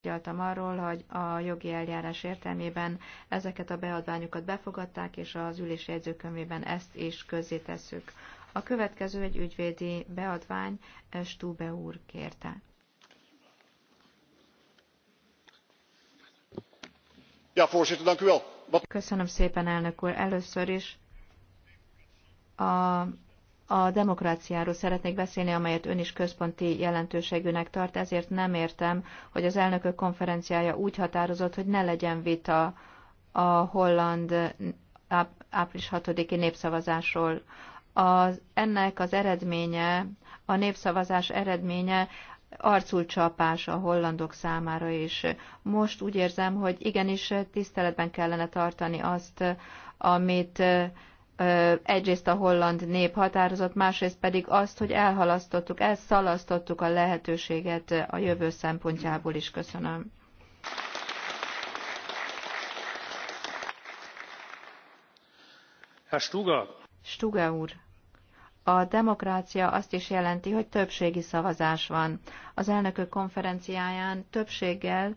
tárgyaltam arról, hogy a jogi eljárás értelmében ezeket a beadványokat befogadták, és az ülés jegyzőkönyvében ezt is közzétesszük. A következő egy ügyvédi beadvány, Stube úr kérte. Ja, Köszönöm szépen, elnök úr. Először is a a demokráciáról szeretnék beszélni, amelyet ön is központi jelentőségűnek tart, ezért nem értem, hogy az elnökök konferenciája úgy határozott, hogy ne legyen vita a holland április 6-i népszavazásról. Az, ennek az eredménye, a népszavazás eredménye arcul csapás a hollandok számára is. Most úgy érzem, hogy igenis tiszteletben kellene tartani azt, amit egyrészt a holland nép határozott. másrészt pedig azt, hogy elhalasztottuk, elszalasztottuk a lehetőséget a jövő szempontjából is. Köszönöm. Herr Stuga. Stuga úr. A demokrácia azt is jelenti, hogy többségi szavazás van. Az elnökök konferenciáján többséggel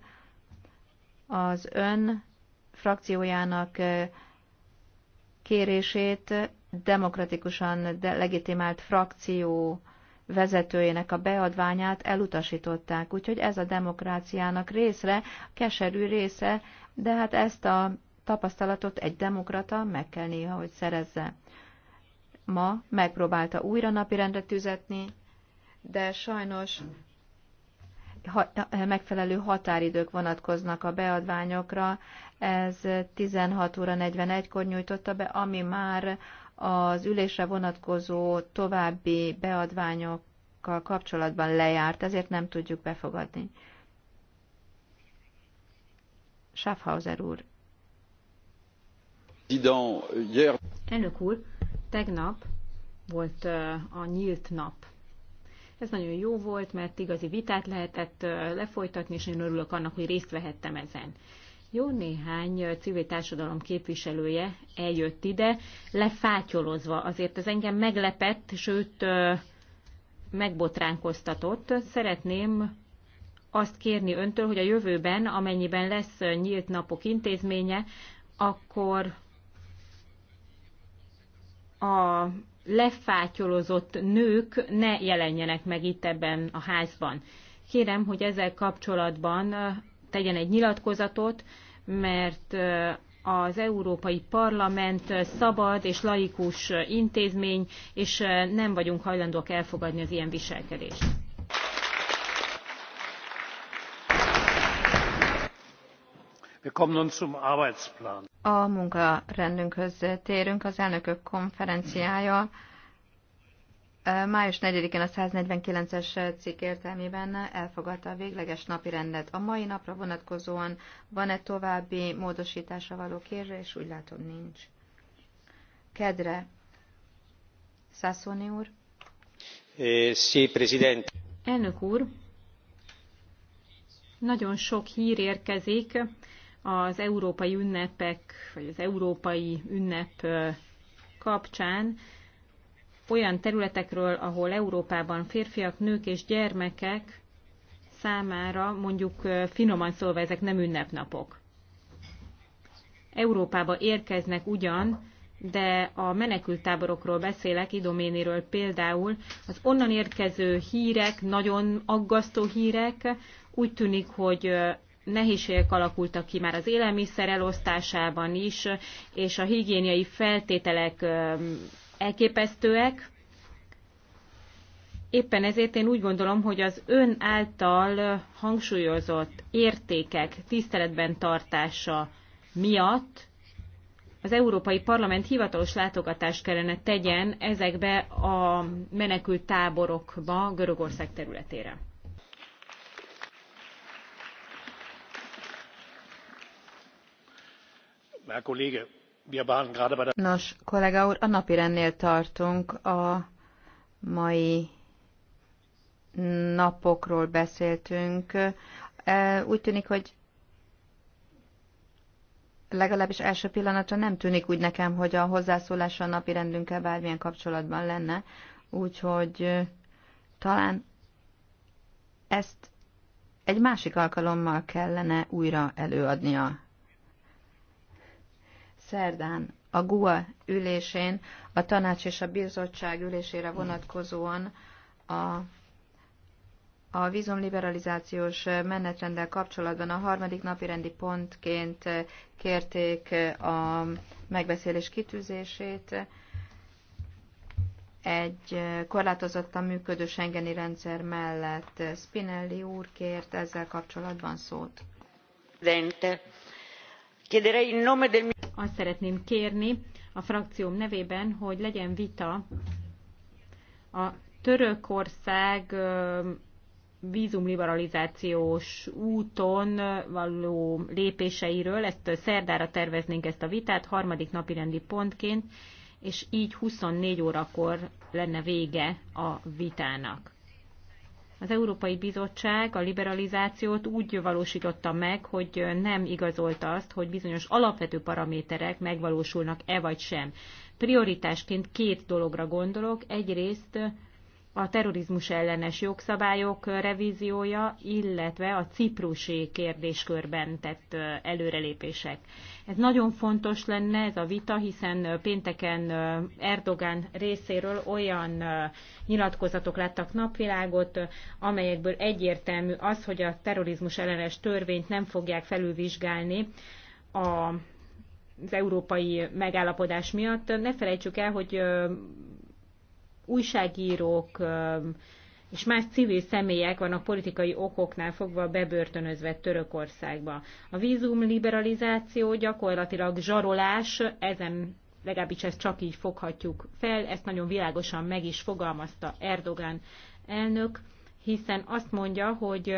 az ön frakciójának kérését demokratikusan de legitimált frakció vezetőjének a beadványát elutasították. Úgyhogy ez a demokráciának részre, keserű része, de hát ezt a tapasztalatot egy demokrata meg kell néha, hogy szerezze. Ma megpróbálta újra napirendre tüzetni, de sajnos ha, megfelelő határidők vonatkoznak a beadványokra, ez 16 óra 41-kor nyújtotta be, ami már az ülésre vonatkozó további beadványokkal kapcsolatban lejárt, ezért nem tudjuk befogadni. Schaffhauser úr. Elnök úr, tegnap volt a nyílt nap. Ez nagyon jó volt, mert igazi vitát lehetett lefolytatni, és én örülök annak, hogy részt vehettem ezen. Jó néhány civil társadalom képviselője eljött ide, lefátyolozva. Azért ez engem meglepett, sőt megbotránkoztatott. Szeretném azt kérni öntől, hogy a jövőben, amennyiben lesz nyílt napok intézménye, akkor a lefátyolozott nők ne jelenjenek meg itt ebben a házban. Kérem, hogy ezzel kapcsolatban tegyen egy nyilatkozatot, mert az Európai Parlament szabad és laikus intézmény, és nem vagyunk hajlandók elfogadni az ilyen viselkedést. A munkarendünkhöz térünk az elnökök konferenciája. Május 4-én a 149-es cikk értelmében elfogadta a végleges napi rendet. A mai napra vonatkozóan van-e további módosításra való és Úgy látom, nincs. Kedre. Szászóni úr. É, sí, president. Elnök úr, nagyon sok hír érkezik az európai ünnepek, vagy az európai ünnep kapcsán olyan területekről, ahol Európában férfiak, nők és gyermekek számára mondjuk finoman szólva ezek nem ünnepnapok. Európába érkeznek ugyan, de a menekültáborokról beszélek, Idoménéről például, az onnan érkező hírek, nagyon aggasztó hírek, úgy tűnik, hogy nehézségek alakultak ki már az élelmiszer elosztásában is, és a higiéniai feltételek elképesztőek. Éppen ezért én úgy gondolom, hogy az ön által hangsúlyozott értékek tiszteletben tartása miatt az Európai Parlament hivatalos látogatást kellene tegyen ezekbe a menekült táborokba Görögország területére. Herr Kollege, Nos, kollega úr, a napi rendnél tartunk. A mai napokról beszéltünk. E, úgy tűnik, hogy legalábbis első pillanatra nem tűnik úgy nekem, hogy a hozzászólása a napi rendünkkel bármilyen kapcsolatban lenne. Úgyhogy talán ezt egy másik alkalommal kellene újra előadnia szerdán a GUA ülésén a tanács és a bizottság ülésére vonatkozóan a a vízumliberalizációs menetrenddel kapcsolatban a harmadik napi rendi pontként kérték a megbeszélés kitűzését. Egy korlátozottan működő Schengeni rendszer mellett Spinelli úr kért ezzel kapcsolatban szót. Dente. Azt szeretném kérni a frakcióm nevében, hogy legyen vita a Törökország vízumliberalizációs úton való lépéseiről. Ezt szerdára terveznénk ezt a vitát, harmadik napi rendi pontként, és így 24 órakor lenne vége a vitának. Az Európai Bizottság a liberalizációt úgy valósította meg, hogy nem igazolta azt, hogy bizonyos alapvető paraméterek megvalósulnak-e vagy sem. Prioritásként két dologra gondolok. Egyrészt a terrorizmus ellenes jogszabályok revíziója, illetve a ciprusi kérdéskörben tett előrelépések. Ez nagyon fontos lenne ez a vita, hiszen pénteken Erdogán részéről olyan nyilatkozatok láttak napvilágot, amelyekből egyértelmű az, hogy a terrorizmus ellenes törvényt nem fogják felülvizsgálni a az európai megállapodás miatt. Ne felejtsük el, hogy újságírók és más civil személyek vannak politikai okoknál fogva bebörtönözve Törökországba. A vízum liberalizáció gyakorlatilag zsarolás, ezen legalábbis ezt csak így foghatjuk fel, ezt nagyon világosan meg is fogalmazta Erdogan elnök, hiszen azt mondja, hogy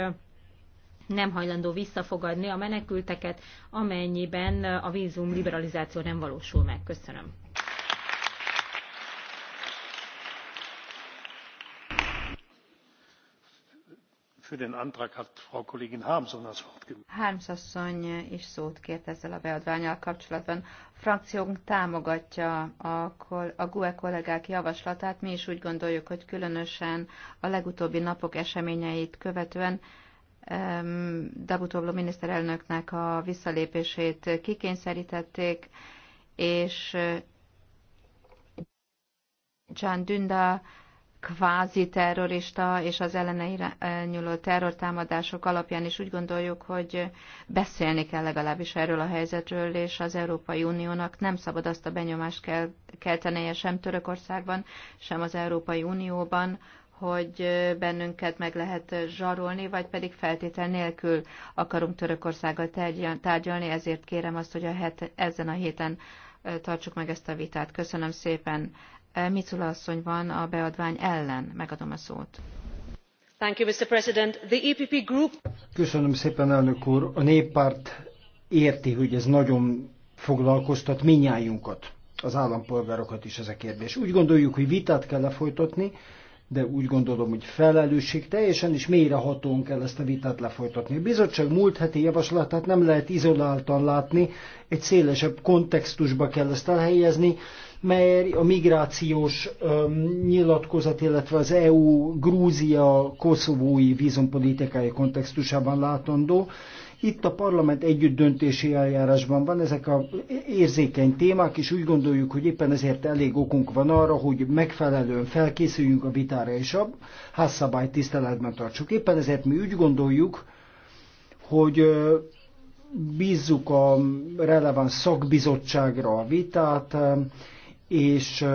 nem hajlandó visszafogadni a menekülteket, amennyiben a vízum liberalizáció nem valósul meg. Köszönöm. Um Harms asszony is szót kért ezzel a beadványal kapcsolatban. A frakciónk támogatja a, a GUE kollégák javaslatát. Mi is úgy gondoljuk, hogy különösen a legutóbbi napok eseményeit követően Davutovlu miniszterelnöknek a visszalépését kikényszerítették, és John eh, Dunda kvázi terrorista és az ellene eh, nyúló terrortámadások alapján is úgy gondoljuk, hogy beszélni kell legalábbis erről a helyzetről, és az Európai Uniónak nem szabad azt a benyomást kell, keltenie sem Törökországban, sem az Európai Unióban, hogy bennünket meg lehet zsarolni, vagy pedig feltétel nélkül akarunk Törökországgal tárgyalni, ezért kérem azt, hogy a het, ezen a héten eh, tartsuk meg ezt a vitát. Köszönöm szépen, Micula asszony van a beadvány ellen. Megadom a szót. Thank you, Mr. President. The EPP group... Köszönöm szépen, elnök úr. A néppárt érti, hogy ez nagyon foglalkoztat minnyájunkat, az állampolgárokat is ez a kérdés. Úgy gondoljuk, hogy vitát kell lefolytatni, de úgy gondolom, hogy felelősség teljesen és mélyrehatóan kell ezt a vitát lefolytatni. A bizottság múlt heti javaslatát nem lehet izoláltan látni, egy szélesebb kontextusba kell ezt elhelyezni, mely a migrációs um, nyilatkozat, illetve az EU Grúzia koszovói vízumpolitikai kontextusában látandó, itt a parlament együtt döntési eljárásban van, ezek a érzékeny témák, és úgy gondoljuk, hogy éppen ezért elég okunk van arra, hogy megfelelően felkészüljünk a vitára, és a házszabály tiszteletben tartsuk. Éppen ezért mi úgy gondoljuk, hogy bízzuk a releváns szakbizottságra a vitát, és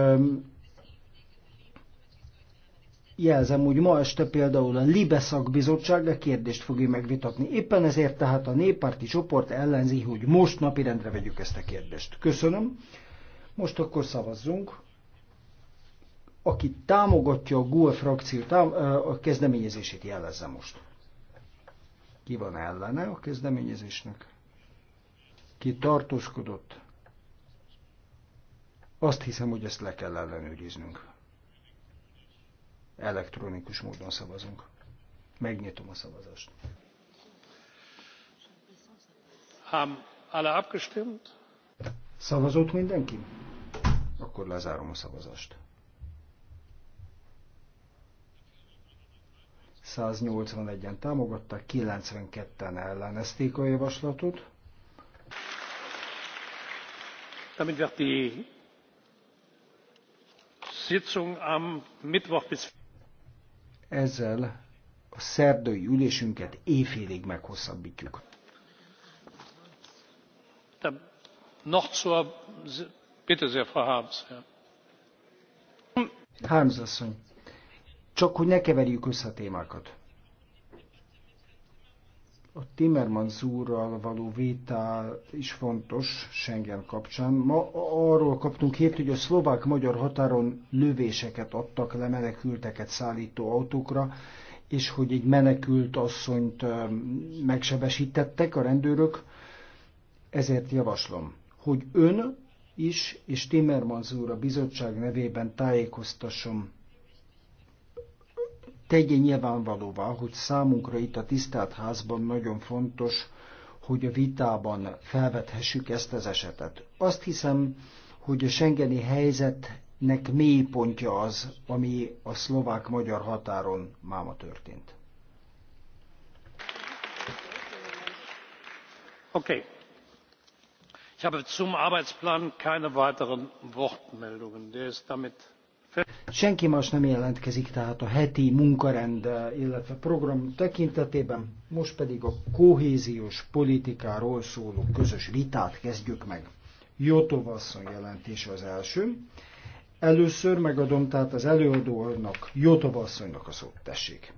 Jelzem, hogy ma este például a Libe szakbizottság a kérdést fogja megvitatni. Éppen ezért tehát a néppárti csoport ellenzi, hogy most napirendre vegyük ezt a kérdést. Köszönöm. Most akkor szavazzunk. Aki támogatja a GUE frakció tám- a kezdeményezését jelezze most. Ki van ellene a kezdeményezésnek? Ki tartózkodott? Azt hiszem, hogy ezt le kell ellenőriznünk. Elektronikus módon szavazunk. Megnyitom a szavazást. Ham alle abgestimmt? Szavazott mindenki? Akkor lezárom a szavazást. 181-en támogattak, 92-en ellenezték a javaslatot. Damit wird die Sitzung am Mittwoch bis ezzel a szerdai ülésünket éjfélig meghosszabbítjuk. Hámzasszony, csak hogy ne keverjük össze a témákat. A Timmermans úrral való vétál is fontos Schengen kapcsán. Ma arról kaptunk hírt, hogy a szlovák-magyar határon lövéseket adtak le menekülteket szállító autókra, és hogy egy menekült asszonyt megsebesítettek a rendőrök. Ezért javaslom, hogy ön is, és Timmermans úr a bizottság nevében tájékoztasson tegye nyilvánvalóvá, hogy számunkra itt a tisztelt házban nagyon fontos, hogy a vitában felvethessük ezt az esetet. Azt hiszem, hogy a Schengeni helyzetnek mély pontja az, ami a szlovák-magyar határon máma történt. Oké. Okay. Ich habe zum Arbeitsplan keine weiteren Wortmeldungen. Der ist damit Senki más nem jelentkezik, tehát a heti munkarend, illetve program tekintetében, most pedig a kohéziós politikáról szóló közös vitát kezdjük meg. Jotova asszony jelentése az első. Először megadom tehát az előadónak, Jotova asszonynak a szót, tessék.